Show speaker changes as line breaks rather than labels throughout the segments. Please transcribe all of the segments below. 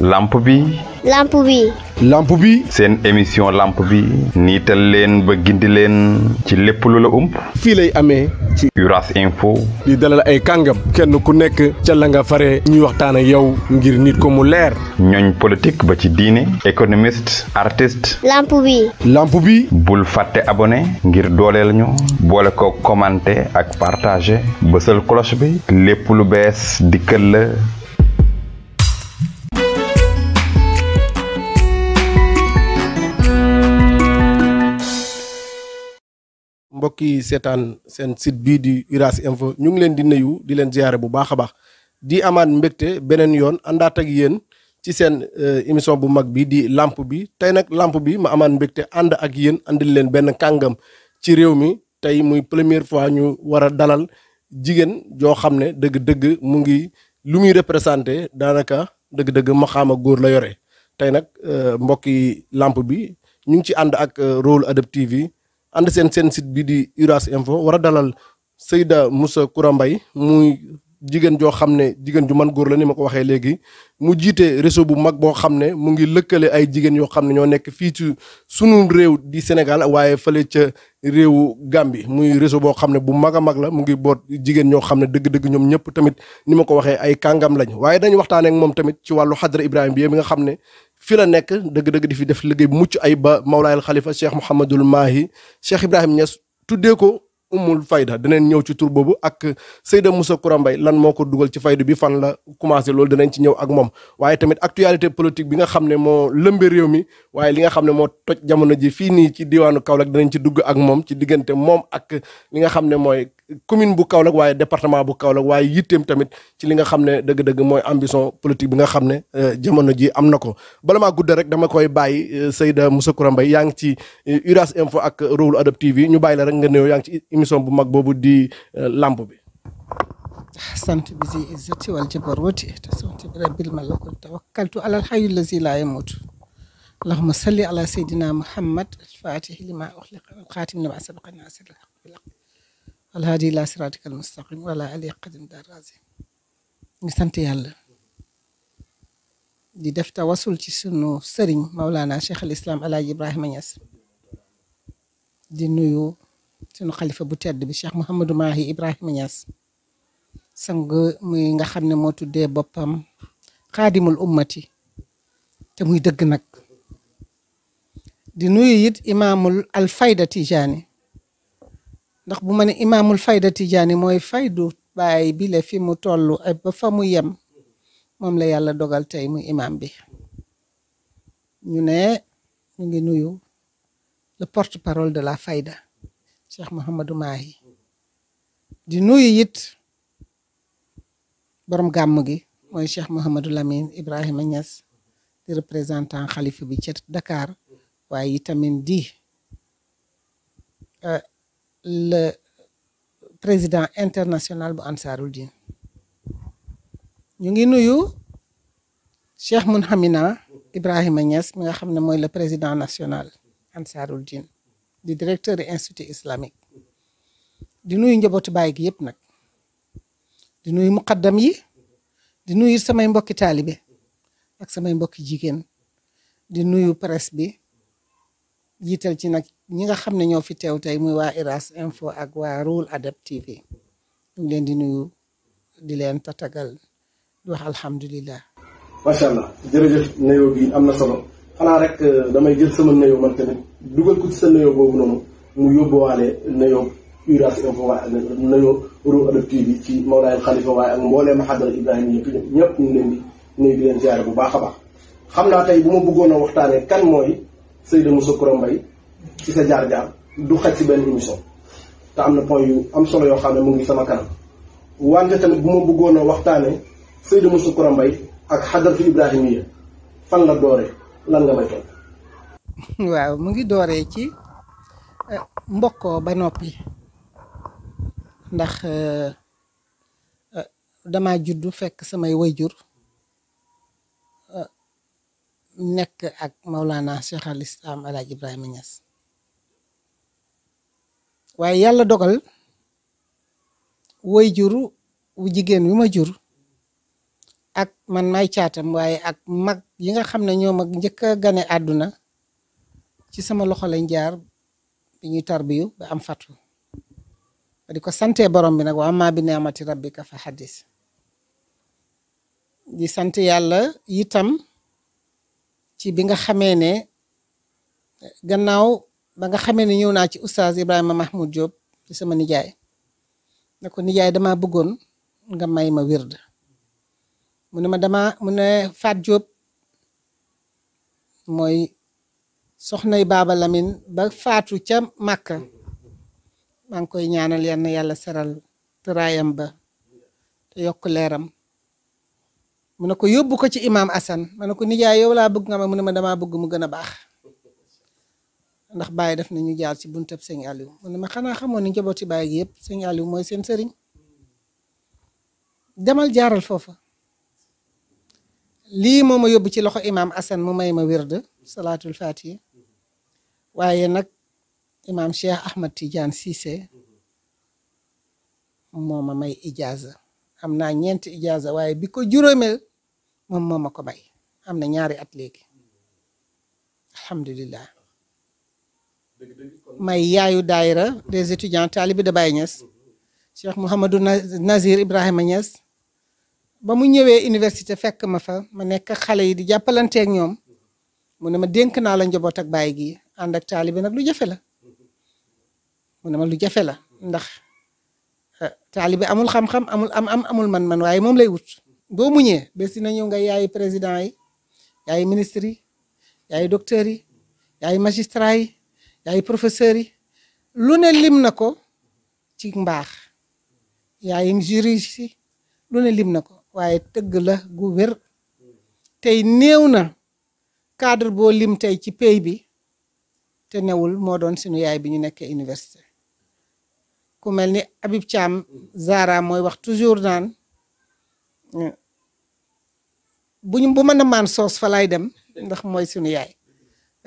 làmp bi.
lamp bi.
lamp bi. seen émission làmp bi. niital leen ba gindi leen. ci lépp lu la ump.
fii lay amee
ci. Uras Info.
di dalal ay kàngam. kenn ku nekk ca la nga
fare ñuy waxtaan ak yow ngir nit ko mu leer. ñooñ politique ba ci diine. économiste artiste. lamp bi. lamp bi. bul fàtte abone ngir dooleel ñu. boole ko commenter ak partager. bësal cloche bi. lépp lu bees dikkal la.
mbokki setan sen site bi di Uras Info ñu ngi leen di nuyu di leen ziaré bu baaxa baax di amane mbekté benen yoon andat ak yeen ci sen euh, émission bu mag bi di lampu bi tay nak lampe bi ma amane mbekté and ak yeen andil leen benn kangam ci réew mi tay muy première fois ñu wara dalal jigen jo xam deug deug mu ngi lu muy danaka deug deug ma xama goor la yore tay nak euh, mbokki lampe bi ñu anda ci and ak euh, rôle adaptive ànd seen seen site bi di Uras Info war a dalal Seyda Moussa Koura Mbaye muy jigéen joo xam ne jigéen ju man góor la ni ma ko waxee léegi mu jiite réseau bu mag boo xam ne mu ngi lëkkale ay jigéen yoo xam ne ñoo nekk fii ci sunu réew di senegal waaye fële ca réew Gambie muy réseau boo xam ne bu mag a mag la mu ngi boot jigéen ñoo xam ne dëgg-dëgg ñoom ñëpp tamit ni ma ko waxee ay kàngam lañ waaye dañu waxtaanee moom tamit ci wàllu xadra Ibrahim bi mi nga xam ne fi la nekk dëgg-dëgg di fi def liggéey bu mucc ay ba Mawlaayal Khalifa Cheikh Mouhamadul Mahi Cheikh Ibrahim Niass tuddee ko umul fayda danañ ñëw ci tur boobu ak Seyda Moussa Koura Mbaye lan moo ko dugal ci faydu bi fan la commencé loolu danañ ci ñëw ak moom waaye tamit actualité politique bi nga xam ne moo lëmbe réew mi waaye li nga xam ne moo toj jamono ji fii nii ci diwaanu Kaolack danañ ci dugg ak moom ci moom ak li nga xam ne mooy commune bu Kaolack waaye département bu Kaolack waaye yitteem tamit ci li nga xam ne dëgg-dëgg mooy ambition politique bi nga xam ne euh, jamono ji am na ko bala maa guddee rek dama koy bàyyi euh, Seyda Moussa Koura Mbaye yaa ngi ci euh, Uras Info ak Roulu Adab TV ñu bàyyi la rek nga néew yaa ngi émission bu mag boobu di làmp bi
ahsanta bi zi izzati wal jabaruti tasawti bi rabbil malakut tawakkaltu ala alhayyil lazi la yamut اللهم صل على سيدنا محمد الفاتح لما أغلق والخاتم لما سبق الناس والهادي إلى صراطك المستقيم وعلى علي قدم دار رازي ñu sant yàlla di def tawasul ci sunu sëriñ Maulana Cheikh al Islam El Hadj Ibrahima Niass di nuyu sunu khalifa bu tedd bi Cheikh mohammed Mahi ibrahim nias sang muy nga xamne mo tuddé bopam khadimul ummati te muy deug nak di nuyu yit imamul al fayda tijani ndax bu ma ne imaamul fayda tijani moy faydu baay bi le fi mu toll ba fa mu yem mom la yàlla dogal tay muy imam bi ñu ne ñu ngi nuyu le porte-parole de la fayda cheikh mohamadou mahi di nuyu yit borom gam gi moy cheikh mohamadou lamine ibrahima Niass di représentant xalifa bi ci dakar waye itamit di euh, le président international bu ansarul din ñu ngi nuyu cheikh munhamina Ibrahim Niass mi nga xamne moy le président national ansarul din di directeur de institut islamique di nuyu njabootu baay yépp nag di nuyu muqaddam yi di nuyu samay mbokki taalibe ak samay mbokki jigéen di nuyu presse bi jiital ci nag ñi nga xam ne ñoo fi teew tay muy waa Iras Info ak waa Roul Adab TV ñu leen di nuyu di leen tatagal di wax alhamdulilah.
macha allah jërëjëf nuyoo bi am na solo. xalaa rek euh, damay jël sama nuyoo man tamit dugal ko ci sa nuyoo boobu noonu mu yóbbuwaale nuyoo Uras Info waaye ak nuyoo Roue bi ci Mawlaay Xalifa waaye ak mbooleem xadara Ibrahima ñëpp ñëpp ñu leen di nuyu leen ziare bu baax a baax. xam naa tey bu ma bëggoon a waxtaanee kan mooy Seyda Moussa Koura Mbaye ci sa jaar-jaar du xaj ci benn émission te am na point yu am solo yoo xam ne mu ngi sama kanam wante tamit bu ma bëggoon a waxtaanee Seyda Moussa Koura Mbaye ak xadaratu Ibrahima fan la dooree. lan nga may tontu
waaw mu ngi dooree ci eh, mbokkoo ba noppi ndax eh, eh, dama juddu fekk samay wayjur nekk ak maulana cheikh al islam alaaj ibrahima ñas waaye yàlla dogal wayjuru wu jigéen wi juru ak man may caatam waaye ak mag yi nga xam ne ñoo mag njëkk a gane àdduna ci sama loxo lañ jaar bi ñuy tarbiyu ba am fatu ba di ko sante borom bi nag wa amma bi ni'mati rabbika fa xaddis di sant yàlla itam ci bi nga xamee ne gannaaw ba nga xamee ne ñëw naa ci oustaz Ibrahima Mahmoud Diop ci sama nijaay ne ko nijaay dama bëggoon nga may ma wird mu ne ma dama mu ne Faat Jóob mooy soxnay Baaba Lamin ba faatu ca Màkka maa ngi koy ñaanal yal na yàlla seral tëraayam ba te yokk leeram mu ne ko yóbbu ko ci imaam Asan ma ne ko nijaay yow laa bëgg nga ma mu ne ma damaa bëgg mu gën a baax ndax Baye def na ñu jaar ci buntab sëñ Aliou mu ne ma xanaa xamoon ni njabooti Baye gi yëpp sëñ mooy seen sëriñ demal jaaral foofa lii moo ma yóbbu ci loxo imaam Assane mu may ma wird salaatu fatiha waaye nag imaam Cheikh Ahmad Tidiane Cissé moo ma may ijaaza am naa ñeenti ijaaza waaye bi ko juróomeel moom moo ma ko may am na ñaari at léegi alhamdulillah may yaayu daayira des étudiants taalibi de Baye Niass Cheikh Mouhamadou Nazir Ibrahima Niass ba mu ñëwee université fekk ma fa ma nekk xale yi di jàppalanteeg ñoom mu ne ma dénk naa la njaboot ak baay gi ànd ak taalibe nag lu jafe la mu ma lu jafe la ndax eh, taalibe amul xam-xam amul am amul man-man waaye moom lay wut. boo muñee bés dina ñëw nga yaayi président yi yaayi ministre yi yaayi docteur yi yaayi magistrat yi yaayi professeur yi lu ne lim na ko ci mbaax yaayi juriste yi lu ne lim na ko. waaye tëgg la gu wér tey néew na cadre boo lim tey ci pays bi te newul moo doon sunu yaay bi ñu nekkee université ku mel ni Habib Thiam Zara mooy wax toujours naan buñu bu mën a maan soos fa dem ndax mooy sunu yaay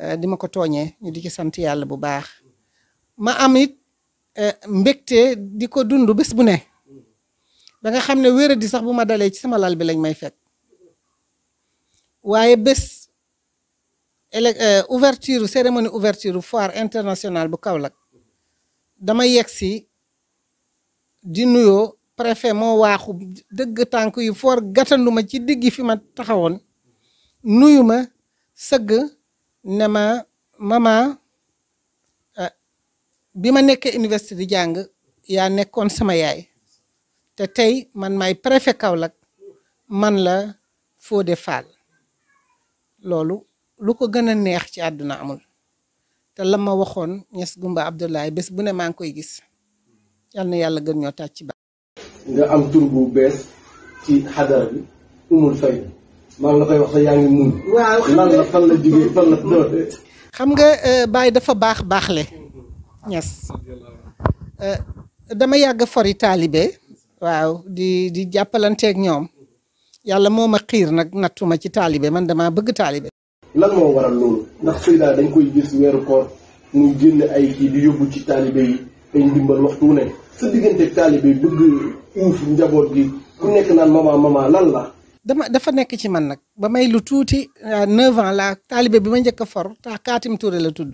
eh, di ko tooñee ñu di ci sant yàlla bu baax ma am it eh, mbégte di ko dund bés bu ne ba nga xam di wéradi sax bu ma dalee ci sama lal bi lañ may fekk waaye bés ele euh, ouverture cérémonie ouverture foire internationale bu Kaolack dama yegg si di nuyoo préfet moo waaxu dëgg tànk yu foor gàttandu ci fi ma taxawoon nuyu ma sëgg mama euh, bi ma nekkee université di jàng yaa sama te tey man maay préfet Kaolack man la de Fall loolu lu ko gën a neex ci àdduna amul te la ma waxoon Niass Goumba Abdoulaye bés bu ne maa ngi koy gis yal yàlla gën ñoo tàcc ba
nga am tur bu bees ci xadara bi umul fay maa ngi la koy wax sax yaa ngi muñ waaw lan la fan la jógee fan la doole
xam nga euh, Baye dafa baax baaxle Niass euh, yàgg fori waaw di di jàppalanteeg ñoom yàlla moo ma xiir nag nattuma ci taalibe man damaa bëgg taalibe
lan moo waral loolu ndax Seyda dañ koy gis weeru koor muy génn ay kii di yóbbu ci taalibe ay ndimbal waxtu wu ne sa diggante bëgg uuf njaboot gi ku nekk naan mama mama lan la
dama dafa nekk ci man nag ba may lu tuuti neuf ans laa taalibe bi ma njëkk a for ta Kaatim Touré la tudd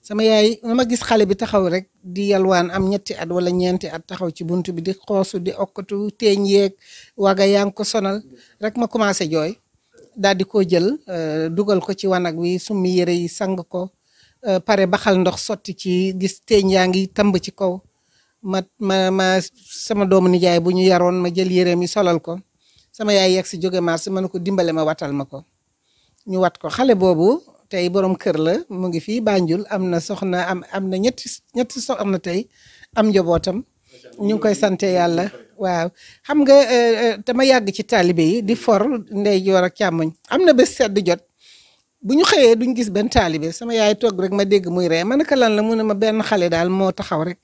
sama yaay ma ma gis xale bi taxaw rek di yalwaan am ñetti at wala ñeenti at taxaw ci bunt bi di xoosu di okotu teeñ yeeg waga yaa ngi ko sonal rek ma commencé jooy daal di ko jël euh, dugal ko ci wanag wi summi yére yi sang ko euh, pare baxal ndox sotti ci gis teeñ yaa ngi tamb ci kaw ma ma sama doomu nijaay bu ñu yaroon ma jël yére mi solal ko sama yaay yegg si jóge mars ma ne ko dimbale ma watal ma ko ñu wat ko xale boobu tey borom kër la mu ngi fii Banjul am na soxna am am na ñetti am na tey am njabootam ñu ngi koy sante yàlla waaw xam nga euh, euh, dama yàgg ci taalibe yi di for ndeyjoor ak càmmoñ am na bés sedd jot bu ñu xëyee duñ gis benn taalibe sama yaay toog rek ma dégg muy ree ma naka lan la mu ne ma benn xale daal moo taxaw rek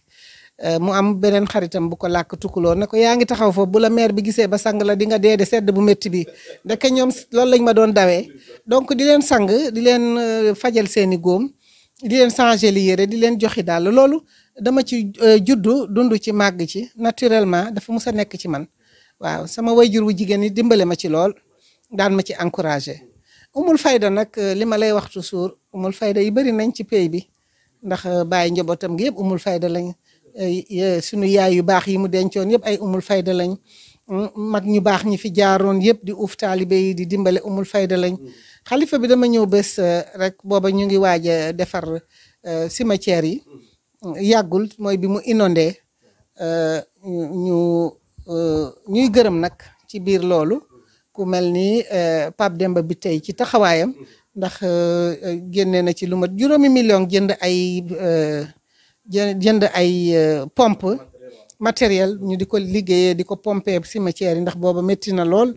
Euh, mu am beneen xaritam bu ko làkk tukkuloo na ko yaa ngi taxaw fa bu la maire bi gisee ba sang la di nga dee de sedd bu métti bi ndeke ñoom loolu lañ ma doon dawee donc di leen sang di leen euh, fajal seeni góom di leen changer li yére di leen joxi daal loolu dama ci euh, juddu dund ci màgg ci naturellement dafa mus a nekk ci man waaw sama wayjur wu jigéen ñi dimbale ma ci lool daan ma ci encourager umul fayda nag li ma lay wax toujours umul fayda yi bëri nañ ci pays bi ndax bàyyi njabootam yëpp umul fayda lañ Eh, sunu yaay yu baax yi mu dencion yep ay umul fayda lañ mm, mag ñu baax ñi fi jaaroon yep di uuf talibé yi di dimbale umul fayda lañ khalifa bi dama ñew bes eh, rek boba ñu ngi waaj défar defar eh, cimetière yi mm, yagul moy bi mu inondé ñu ñuy gërëm nak ci biir lolu ku melni pap Demba bi tay ci taxawayam ndax génne na ci lu mat juróomi million jënd ay jënd ay euh, pompe matériel ñu di ko liggéeyee di ko pompe cimetière yi ndax booba métti na lool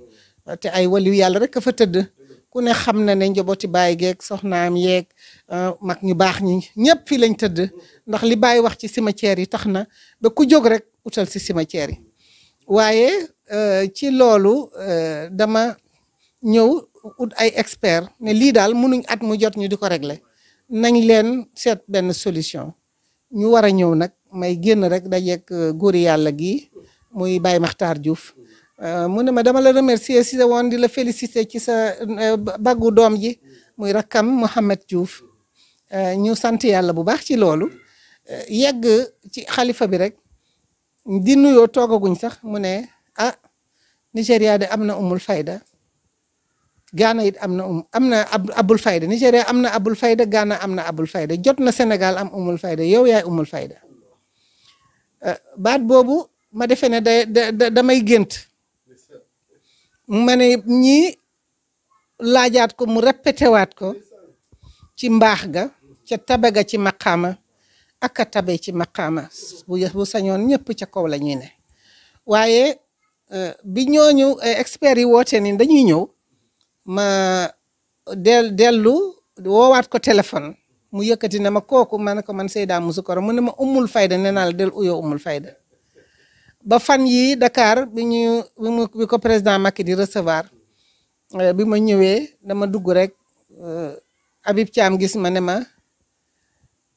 te ay waliyu yàlla rek a fa tëdd ku ne xam na ne njabooti baay geeg soxnaam yeeg euh, mag ñu baax ñi ñëpp fii lañ tëdd ndax li baay wax ci cimetière yi tax na ba ku jóg rek utal si sima cimetière yi waaye euh, ci loolu dama ñëw ut ay expert ne lii daal munuñ at mu jot ñu di ko régler nañ leen seet benn solution ñu war a ñëw nag may génn rek dajeeg euh, góori yàlla gi muy Baye Makhtar Diouf euh, mu ne ma dama la remercier si woon di la féliciter ci sa euh, baggu doom ji muy rakkam Mohamed Diouf ñu sant yàlla bu baax ci loolu yegg ci xalifa bi rek di nuyoo toogaguñ sax mu ne ah Nigéria de am na umul fayda gaana it am na um am na ab abul fayda Nigéria am na abul fayda Ghana am na abul fayda jot na senegal am umul fayda yow yaay umul fayda euh, baat boobu ma defe ne damay gént ma ne ñii laajaat ko mu répété ko ci mbaax ga ca tabe ga ci maqaama ak a ci maqaama bu bu sañoon ñëpp ca kaw la ñuy ne waaye euh, bi ñooñu euh, experts yi woote ni dañuy ñëw ma del dellu woowaat ko téléphone mu yëkkati ne ma kooku ma ne ko man Seyda Mouzikoro mu ne ma umul fayda nee naa la del uyoo fayda ba fan yii Dakar bi ñu bi ko président Macky di recevoir euh, bi ma ñëwee dama dugg rek euh, Habib Thiam gis ma ne ma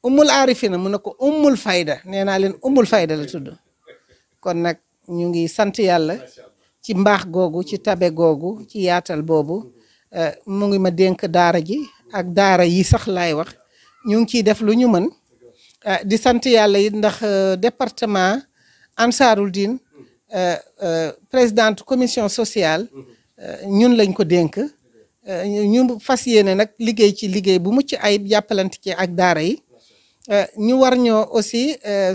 umul aarifina mu ne ko umul fayda nee naa leen umul fayda la tudd kon nag ñu ngi sant yàlla ci mbaax googu ci tabe googu ci yaatal boobu Eh, mu ngi ma dénk daara ji ak daara yi sax laay wax ñu ngi ciy def lu ñu mën eh, di sant yàlla it ndax eh, département Ansaarul Din présidente commission sociale ñun lañ ko dénk ñu fas yéene nag liggéey ci liggéey bu mucc ayib jàppalante ci ak daara yi ñu war ñoo aussi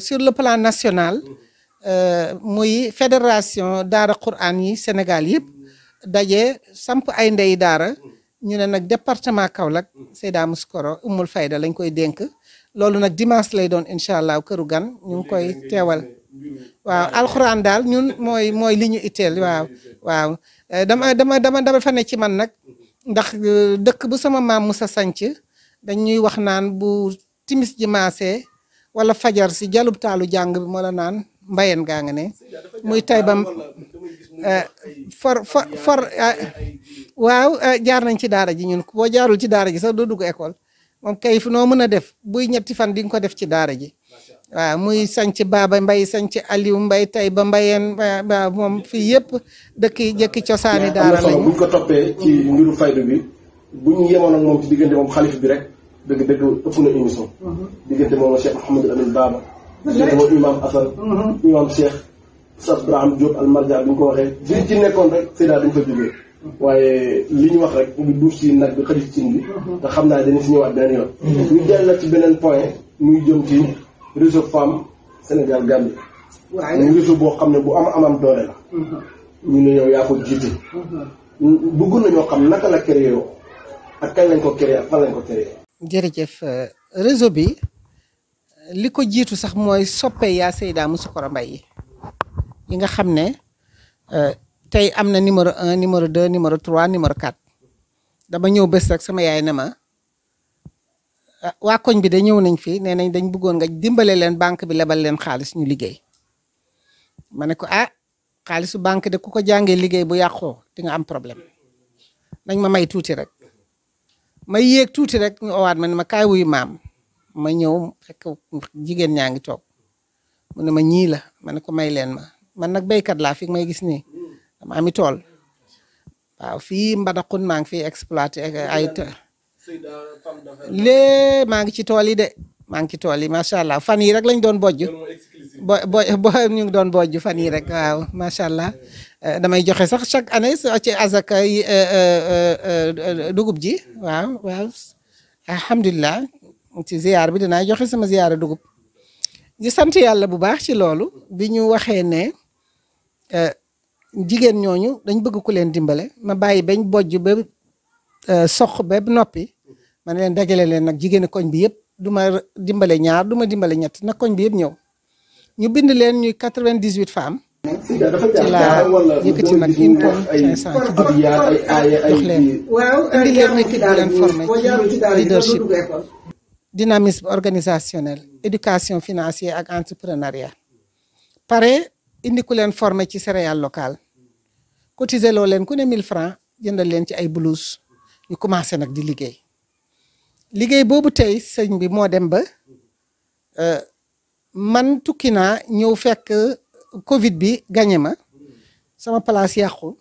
sur le plan national muy fédération daara Qur'an yi Sénégal yëpp daje samp ay ndey daara ñu né nak département Kaolack Seyda muskoro Umul Fayda lañ koy denk lolu nak dimanche lay doon inshallah allah gan ñu koy téwal waaw alcorane dal ñun moy moy liñu ñu waaw waaw eh, dama dama dama dama fa ne ci man nak ndax eh, dekk bu sama dañuy wax naan bu timis ji wala fajar si jalub taalu jang bi mo la naan mbayen ga nga ne muy tay bam Eh, for eh, waaw eh, jaar nañ ci daara ji ñun boo jaarul ci daara ji sax doo dugg école moom kayif noo mën a def buy ñetti fan di nga ko def ci daara ji waaw muy sanc baaba mbay sañc aliou mbay tay ba mbayeen moom fii yëpp dëkki jëkki cosaani daara lañu buñ
ko toppee ci mbiru faydu bi buñ yemoon moom ci diggante moom xalif bi rek dëgg dëgg ëpp na émission mhm. diggante moom Cheikh Mouhamadou Amin Baba diggante moom imam Assane mhm. imam Cheikh Oustaz Braham Diop almarja bi ñu ko waxee jir ci nekkoon rek séddaa dañ fa jógee waaye li ñu wax rek bu duuf si nag bi xëri cin bi te xam naa dañu si ñëwaat beneen yoon ñu dell nag ci beneen point muy jëm ci réseau femme Sénégal Gambie muy réseau boo xam ne bu am amam doole la ñu ne yow yaa ko jiite bëgg nañoo xam naka la créé yoo ak kañ lañ ko créé ak fan lañ ko créé
jërëjëf réseau bi li ko jiitu sax mooy soppe yaa Seyda Moussoukoro mbay yi yi nga xam ne euh, tey am na numéro un numéro deux numéro trois numéro quatre dama ñëw bés rek sama yaay ne ma ah, waa koñ bi da ñëw nañ fi nee nañ dañ buggoon nga dimbale leen banque bi lebal leen xaalis ñu liggéey ma ne ko ah xaalisu banque de ku ko jàngee liggéey bu yàqoo di nga am problème nañ ma may tuuti rek may yéeg tuuti rek ñu owaat ma ne ma kaay wuyu maam ma ñëw fekk jigéen ñaa ngi toog mu ne ma ñii la ma ne ko may leen ma man nag béykat laa fi may gis nii dama ami tool waaw fii Mbadakhoune maa ngi fiy exploité ay lée maa ngi ci tool yi de maa ngi ci tool yi macha allah fan yii rek lañ doon bojj bo bo bo ñu ngi doon bojj fan yii rek macha allah eh, damay joxe sax chaque année ci azaka yi eh, eh, dugub ji waaw waaw ci ziar bi dinaa joxe sama ziara dugub bu baax ci loolu bi ñu waxee ne Eh, jigéen ñooñu dañ bëgg ku leen dimbale ma bàyyi bañ bojj ba eh, sox ba noppi ma ne leen dajale leen nag jigéenu koñ bi yëpp du ma dimbale ñaar du ma dimbale ñett nag koñ bi yëpp ñëw ñu bind leen ñuy quatre-vingt-dix-huit femmes. ci laa nag fi mu toll cinq cent ci jox leen indi leen équipe bu leen formé leadership dynamisme organisationnel éducation financière ak entrepreneuriat indi ku leen formé ci céréale local cotiser loo leen ku ne mille francs jëndal leen ci ay blouse ñu commencé nag di liggéey liggéey boobu tey sëñ bi moo dem ba euh, man tukki naa ñëw fekk Covid bi gañe ma sama place yàqu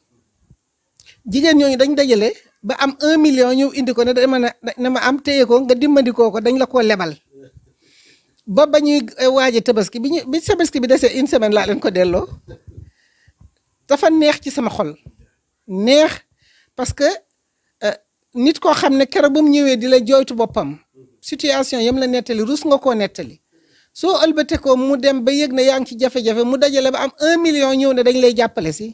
jigéen ñooñu dañ dajale ba am un million ñëw indi ko na ne dama ne ma am téye ko nga dimbandikoo ko dañ la koo lebal ba ba ñuy eh, waaje tabaski bi ñu bi tabaski bi desee une semaine laa leen ko delloo dafa neex ci sama xol neex parce que eh, nit koo xam ne keroog ba mu ñëwee di la jooytu boppam situation yam la nettali rus nga koo nettali soo ëlbatekoo mu dem ba yëg ne yaa ngi ci jafe-jafe mu dajale ba am un million ñëw ne dañ lay jàppale si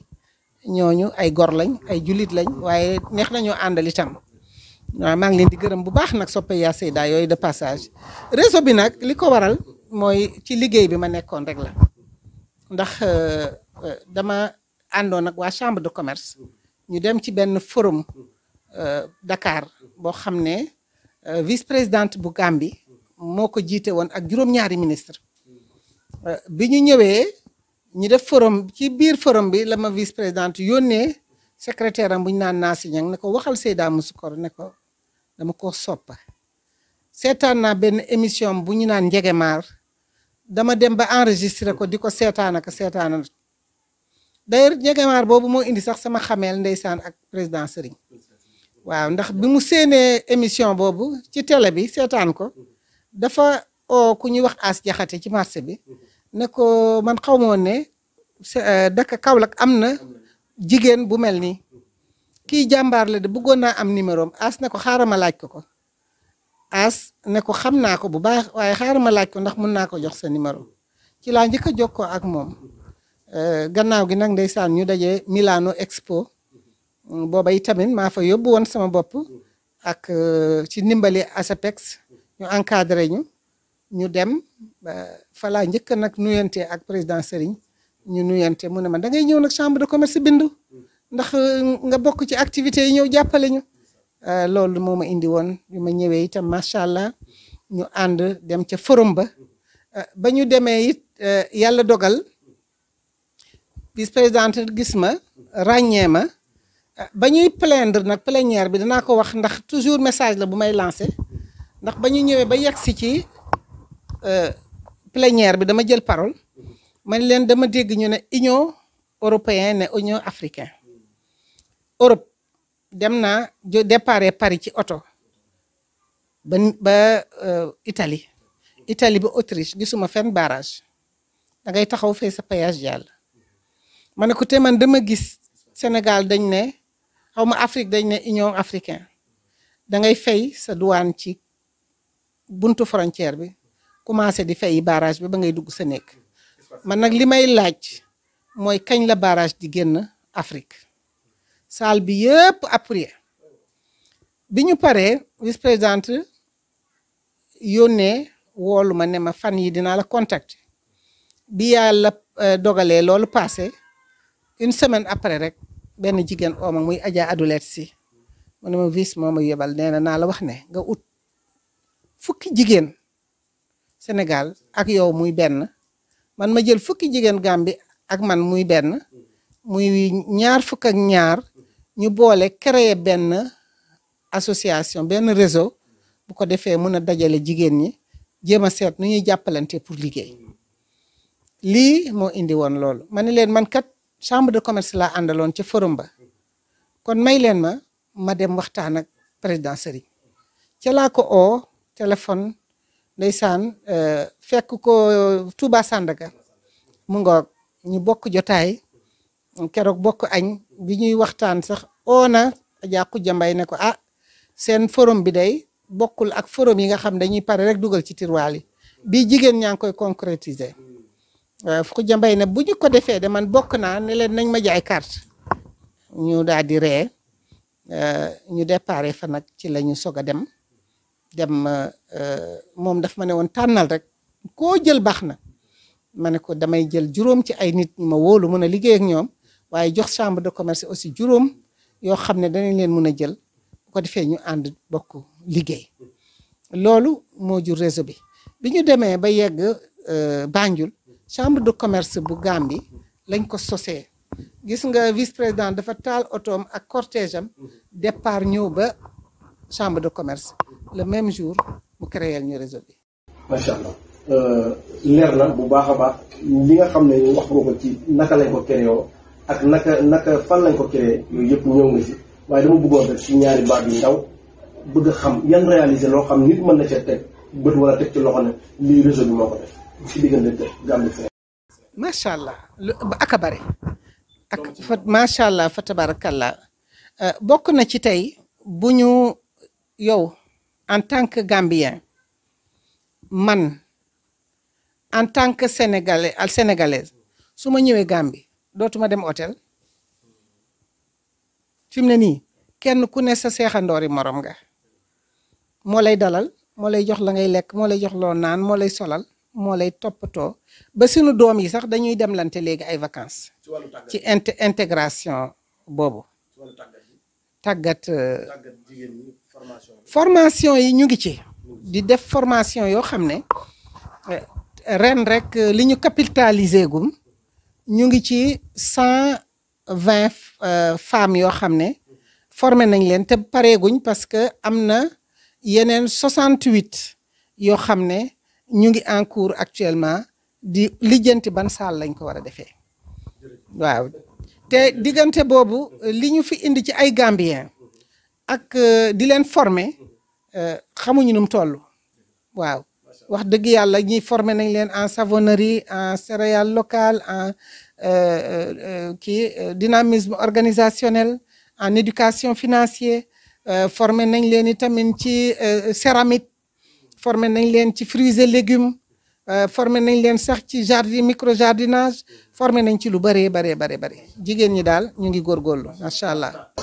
ñooñu ay gor lañ ay jullit lañ waaye neex nañoo àndal itam waa maa ngi leen di gërëm bu baax nag soppe yaa Seyda yooyu de passage réseau bi nag li ko waral mooy ci liggéey bi ma nekkoon rek la ndax euh, euh, dama àndoon nag waa chambre de commerce ñu dem ci benn forum euh, dakaar boo xam ne vice présidente bu Gambie moo ko jiite woon ak juróom-ñaari ministre bi ñu ñëwee ñu def forum ci biir forum bi la ma vice présidente yónnee secrétaire am bu ñu naan Naasi Ñang ne ko waxal Seyda Moussoukoro ne ko dama ko sopp seetaan naa benn émission bu ñu naan njegemaar dama dem ba enregistré ko di ko seetaan ak seetaana d'ailleurs njegemaar boobu moo indi sax sama xameel ndeysaan ak président Serigne waaw ndax bi mu séenee émission boobu ci télé bi seetaan ko dafa oo ku ñuy wax as jaxate ci marché bi ne ko man xaw ma woon ne euh, dëkk Kaolack am na jigéen bu mel nii ki jambar le de bëggoon am numéro as ne ko xaaral laaj ko ko as ne ko ko bu baax waaye xaaral laaj ko ndax mun nako ko jox sa numéro ci la ñëk a jokkoo ak euh gannaaw gi nak ndeysaan ñu dajé Milano Expo yi tamen ma fa yobbu won sama bop ak euh, ci nimbali ASAPEX ñu encadré ñu ñu dem fa la ñëk nak nuyenté ak président Serigne ñu nuyenté mu ne ma da ngay ñëw nak chambre de commerce bindu. ndax euh, nga bokk ci activité yi ñëw jàppale ñu euh, loolu moo ma indi woon bi ma ñëwee itam macha allah ñu ànd dem ca forum ba euh, ba ñu demee it yàlla dogal vice présidente gis ma ràññee ma ba ñuy plaindre nag plénière bi danaa ko wax ndax toujours message la bu may lancé ndax ba ñu ñëwee ba yegg si ci plénière bi dama jël parole man leen dama dégg ñu ne union européenne ne union africaine Europe dem naa jo départ Paris ci oto ba ba euh, itali Italie ba Autriche gisuma fenn barage da ngay taxaw fay sa péage yàlla ma ne ko man dama gis Sénégal dañ ne xaw ma Afrique dañ ne Union africain da ngay fay sa douane ci buntu frontière bi commencé di fay barage bi ba ngay dugg sa nekk man nag li may laaj mooy kañ la barrage di génn Afrique salle bi yépp appuyer bi ñu paree vice présidente yónnee woolu ma ne ma fan yi dinaa la contacter bi yàlla euh, dogalee loolu passé une semaine après rek benn jigéen ooma muy Adja Adulet si ma vice ma yebal nee na la wax nga ut fukki jigéen Sénégal ak yow muy benn man ma jël fukki jigéen Gambie ak man muy ben muy ñaar fukk ak ñaar ñu boole créer benn association benn réseau bu ko defee mën a dajale jigéen ñi jéem a seet nu ñuy jàppalante pour liggéey lii moo indi woon loolu ma ne leen man kat chambre de commerce laa àndaloon ca forum ba kon may leen ma ma dem waxtaan ak président Serigne ca laa ko oo téléphone ndeysaan euh, fekk ko Touba Sandaga mu ngoog ñu bokk jotaay keroog bokk añ bi ñuy waxtaan sax oo na jàkku mbay ne ko ah seen forom bi day bokkul ak forom yi nga xam dañuy pare rek dugal ci tiroir yi bii jigéen ñaa ngi koy concrétiser waaw euh, ku jambay ne bu ñu ko defee de man bokk naa ne leen nañ ma jaay carte ñu daal di ree euh, ñu déparé fa nag ci la ñu soog a dem dem euh, moom daf ma ne woon tànnal rek koo jël baax na ma ne ko damay jël juróom ci ay nit ñu ma wóolu mën a liggéey ak ñoom waaye jox chambre de commerce aussi juróom yoo xam ne danañ leen mën a jël bu ko defee ñu ànd bokk liggéey loolu moo jur réseau bi bi ñu demee ba yegg euh, Banjul chambre de commerce bu Gambie lañ ko sosee gis nga vice président dafa taal otoom ak cortège am départ ñëw ba chambre de commerce le même jour mu créé ñu réseau bi.
macha allah euh, leer na bu baax baax li nga xam ne wax nga ko ci naka lañ ko créé ak naka naka ko créé yooyu yëpp ñëw nga si waaye dama bëggoon rek si ñaari baat yu ndaw bëgg a xam yan réaliser loo xam nit mën na ca teg bët wala teg ci loxo ne lii réseau bi moo ko def
si allah lu tabarakallah euh, bokk na ci tey bu ñu yow en tant que Gambien man en tant que sénégalais al sénégalaise su ma ñëwee Gambie. dootuma dem hôtel fi ne nii kenn ku ne sa yi morom nga moo lay dalal moo lay jox la ngay lekk moo lay jox loo naan moo lay solal moo lay toppatoo ba sunu doom yi sax dañuy demlante léegi ay vacance ci int intégration boobu. tàggat euh, formation yi ñu ngi ci. di def formation yoo xam ne euh, ren rek euh, li ñu capitaliser gum. ñu ngi ci cent vingt euh, femmes yoo xam ne formé nañ leen te pareeguñ parce que am na yeneen soixante huit yoo xam ne ñu ngi en cours actuellement di lijjanti ban saal lañ ko war a defee waaw te diggante boobu euh, li ñu fi indi ci ay Gambien ak euh, di leen former xamuñu nu mu toll waaw wax deug yalla ñi former nañ leen en savonnerie en céréales locales en euh, euh, euh, kii dynamisme organisationnel en éducation financière former nañ leen i tamit ci céramique former nañ leen ci fruits et légumes former nañ leen sax ci jardin micro jardinage former nañ ci lu bëree bëree bëri bëri jigéen ñi dal ñu ngi góorgóorlu macha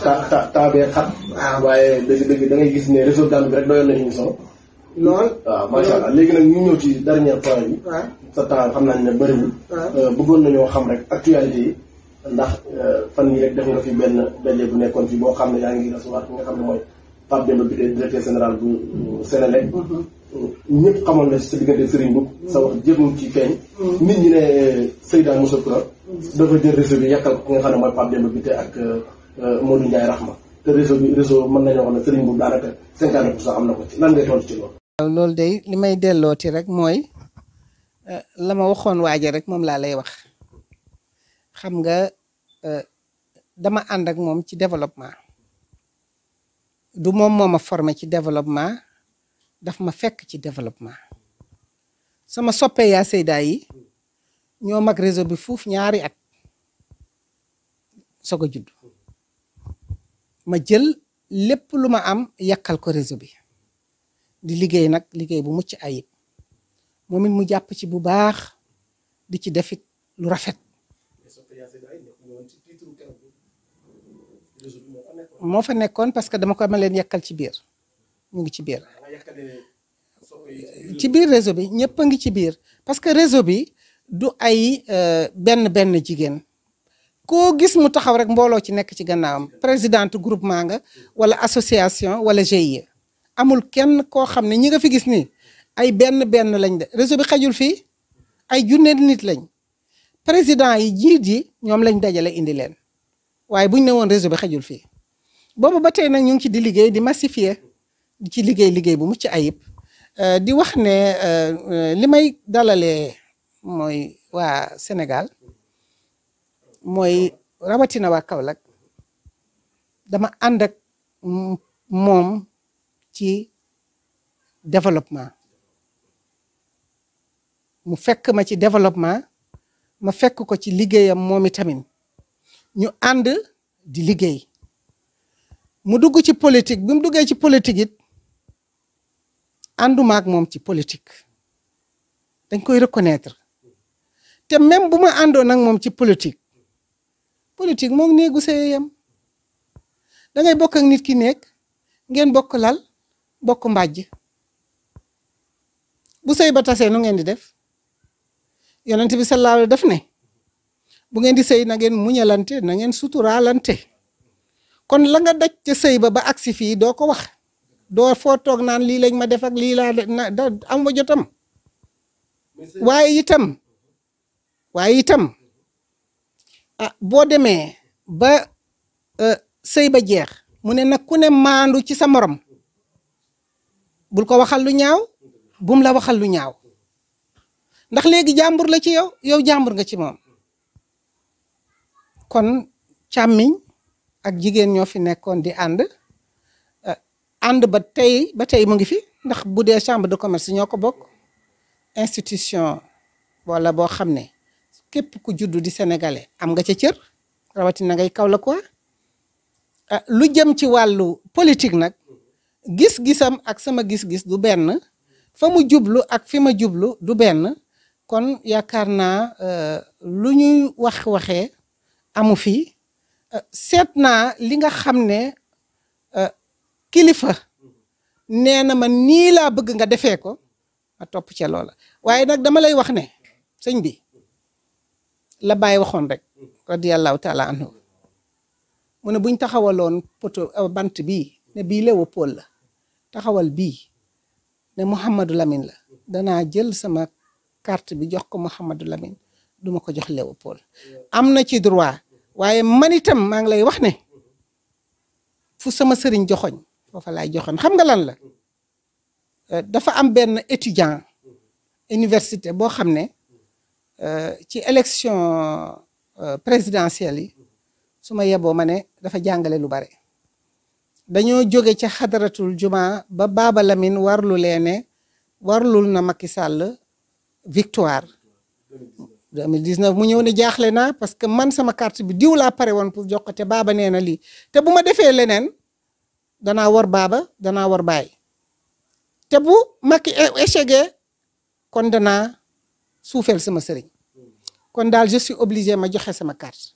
ta ta
ta be bee xam ah, waaye deug deug da ngay gis ne résultat rek doyoon na so lool waaw ah, macha allah léegi nag ñu ñëw ci dernier point bi. sa temps xam nañ ne bëriwul. Euh, bëggoon ñoo xam rek actualité yi. ndax euh, fan yii rek def nga fi benn daje bu nekkoon fi boo xam ne yaa ngi recevoir ki nga xam ne mooy Pape Demba bi directeur général bu Sénélec. Mm-hmm. Mm-hmm. ñëpp xamoon na sa diggante Serigne Mboup. sa wax jëm ci feeñ. Mm-hmm. nit ñi ne euh, Seydina Moussa Kura. dafa jël réseau bi yàqal ko ki nga xam ne mooy Pape Demba bi te ak Modou Ndiaye Rahma te réseau bi réseau mën nañoo xam ne Serigne Mboup daanaka cinquante pour cent am na ko ci lan ngay tontu ci loolu.
loolu de li may dellooti rek mooy eh, la ma waxoon waaje rek moom laa lay wax xam nga eh, dama ànd ak moom ci développement du moom moom ma formé ci développement daf ma fekk ci développement sama soppe yaa Seydaa yi ñoo mag réseau bi fuuf ñaari at soog a judd ma jël lépp lu ma am yàkkal ko réseau bi di liggéey nak liggéey bu mucc ayib moom mu japp ci bu baax di ci defit lu rafet mo fa nekkone parce que dama ko amaleen yakal ci bir mu ngi ci bir ci bir réseau bi ñepp nga ci bir parce que réseau bi du ay euh, ben ben jigen ko gis mu taxaw rek mbolo ci nek ci gannaam presidente groupement nga wala association wala GIE amul kenn koo xam ne ñi nga fi gis nii ay benn benn lañ de réseau bi xajul fii ay junne nit lañ président yi jiit yi ñoom lañ dajale indi leen waaye buñ ne woon réseau bi xajul fii boobu ba tey nag ñu ngi ci di liggéey di massifier di ci liggéey liggéey bu mucc ayib euh, di wax ne euh, li may dalalee mooy waa Sénégal mooy rawatina wa Kaolack dama ànd moom ki développement mu fekk ma ci développement ma fekk ko ci liggéeyam moom itamit ñu ànd di liggéey mu dugg ci politique bi mu duggee ci politique it ànduma moom ci politique dañ koy reconnaître te même bu ma àndoon ak moom ci politique politique moom néegu sey yam da ngay nit ki nekk ngeen bokk lal bokk mbàjj bu sëy ba tasee nu ngeen di def yonent bi sallallahu alayhi def ne bu ngeen di sëy na ngeen muñalante na kon la nga daj ba ba agsi do kawah, ko wax doo foo toog naan lii lañ ma def ak lii laa am ma jotam waaye itam itam ah ba euh, sëy ba jeex mu ne nag ku ne maandu ci sa morom bul ko waxal lu ñaaw bum la waxal lu ñaaw ndax léegi jàmbur la ci yow yow jàmbur nga ci moom kon càmmiñ ak jigéen ñoo fi nekkoon di ànd eh, ànd ba tey ba tey mu ngi fi ndax bu dee chambre de commerce ñoo ko bokk institution wala boo xam ne képp ku juddu di sénégalais am nga ca cër rawatina ngay kaw la quoi eh, lu jëm ci wàllu politique nag gis-gisam ak sama gis-gis du benn fa mu jublu ak fi ma jublu du benn kon yaakaar naa euh, lu ñuy wax waxee amu fi euh, seet naa li nga xam ne euh, kilifa nee na ma nii laa bëgg nga defee ko ma topp ca loola waaye nag dama lay wax ne sëñ bi la bàyyi waxoon rek radiallahu taala anhu mu ne buñ taxawaloon poto bant bii ne bii Léopold la taxawal bii ne Mouhamadou Lamine la danaa jël sama carte bi jox ko Mouhamadou Lamine duma ko jox Léopold am na ci droit waaye man itam maa ngi lay wax ne fu sama sëriñ joxoñ foofa laay joxoñ xam nga lan la euh, dafa am benn étudiant université boo xam ne euh, ci élection euh, présidentielle yi su ma yeboo ma ne dafa jàngale lu bare dañoo jóge ca xadaratul juma ba baba Lamine warlu leen ne warlul na Macky Sall victoire 2019 mu ñëw ni jaaxle parce que man sama carte bi diw pare won pour jox ko te Baaba te bu ma defe lenen dana war baba dana war bay. te bu ke échecgee kon kondana suufeel sama sëriñ kon dal je suis obligé ma joxe sama carte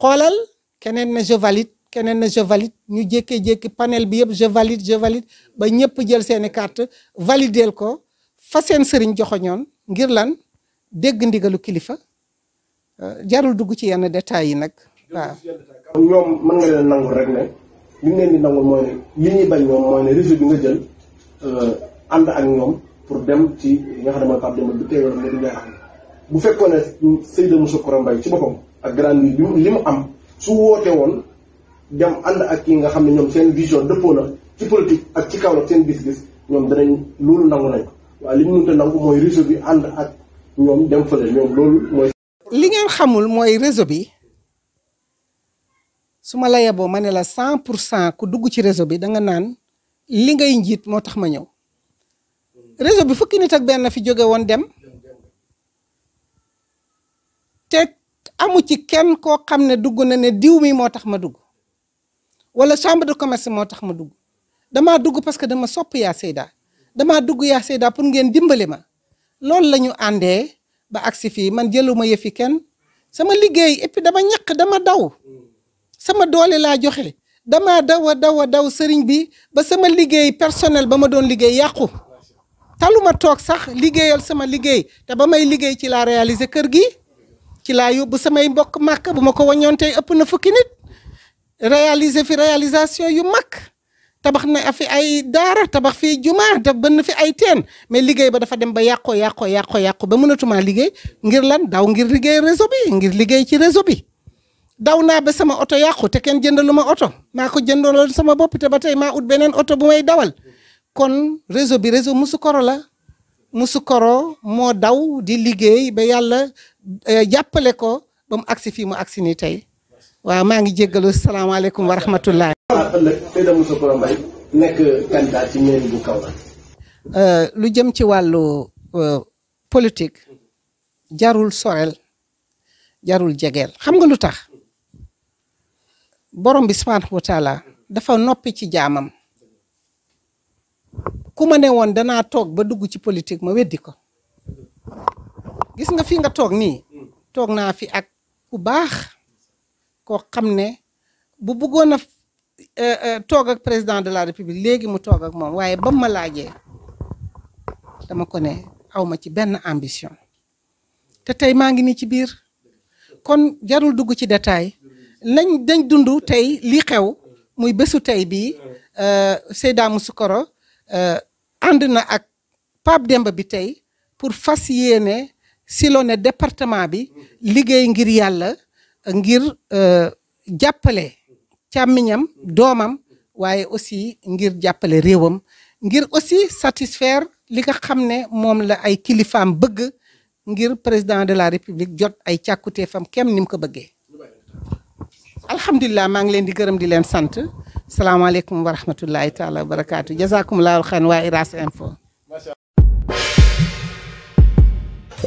xoolal keneen ne je valide keneen na je valide ñu jékkee-jékki panel bi yëpp je valide je valide ba ñëpp jël seeni carte valideel ko fa seen sëriñ joxoñoon ngir lan dégg ndigalu kilifa euh, jarul dugg ci yenn détails yi nag waaw
ñoom mën nga leen nangul rek ne li euh, pour dem ci xam bu fekkoon mu am su woote woon dem and ak yi nga xam ne ñoom seen vision dëppoo na ci politique ak ci kaw nag seen gis-gis ñoom danañ loolu nangu nañ ko
waaye li ñu mënta nangu mooy réseau bi and ak ñoom dem fële ñoom loolu mooy. li ngeen xamul mooy réseau bi su ma la yeboo ma ne la cent pour cent ku dugg ci réseau bi da nga naan li ngay njiit moo tax ma ñëw réseau bi fukki nit ak benn fi jóge woon dem te amu ci kenn koo xam ne dugg na ne diw mi moo tax ma dugg wala chambre de commerce moo tax ma dugg damaa dugg parce que dama sopp yaa Seyda damaa dugg yaa Seyda pour ngeen dimbali ma loolu la ñu àndee ba agsi fii man jëluma yëfi kenn sama liggéey et dama ñaq dama daw sama doole laa joxe dama daw a daw a daw sëriñ bi ba sama liggéey personnel ba ma doon liggéey yàqu taluma toog sax liggéeyal sama liggéey te ba may liggéey ci laa réaliser kër gi ci laa yóbbu samay mbokk màkk bu ko wañoon tey ëpp na fukki nit réaliser fi réalisation yu mag tabax na fi ay daara tabax fi jumaa da bënn fi ay teen mais liggéey ba dafa dem ba yàqoo yàqoo yàqoo yàqoo ba mënatumaa liggéey ngir lan daw ngir liggéey réseau ngir liggéey ci réseau bi daw naa ba sama oto yàqu te kenn jëndalu ma oto maa ko jëndaloon sama bopp te ba tey maa ut beneen oto bu may dawal kon réseau bi réseau Moussoukoro la Moussoukoro moo daw di liggéey ba yàlla eh, jàppale ko ba mu agsi fii mu agsi tey waaw maa ngi jéggalu salaamaaleykum wa rahmatullah. Euh, lu jëm ci wàllu euh, politik jarul sorel jarul jegeel xam nga lu tax borom bi subhaanahu dafa noppi ci jaamam ku ma ne woon danaa toog ba dugg ci politique ma weddi ko gis nga fi nga toog nii hmm. toog naa fi ak bu baax. koo xam ne bu bëggoon a euh, euh, toog ak président de la république léegi mu toog ak moom waaye ba ma laaje dama ko ne awma ci benn ambition te tey maa ngi nii ci biir kon jarul dugg ci détail nañ dañ dund tey lii xew muy bésu tey bii euh, Seyda Moussoukoro ànd na ak Pape Demba bi tey pour fas yéene silone département bi liggéey ngir yàlla ngir euh, jàppale càmmiñam doomam waaye aussi ngir jàppale réewam ngir aussi satisfaire li nga xam ne moom la ay kilifaam bëgg ngir président de la république jot ay fam kem ni mu ko bëggee. alhamdulilah maa ngi leen di gërëm di leen sant salaamaaleykum wa rahmatullahi taala wa barakaatu jazakumullahu xan waa Uras Info.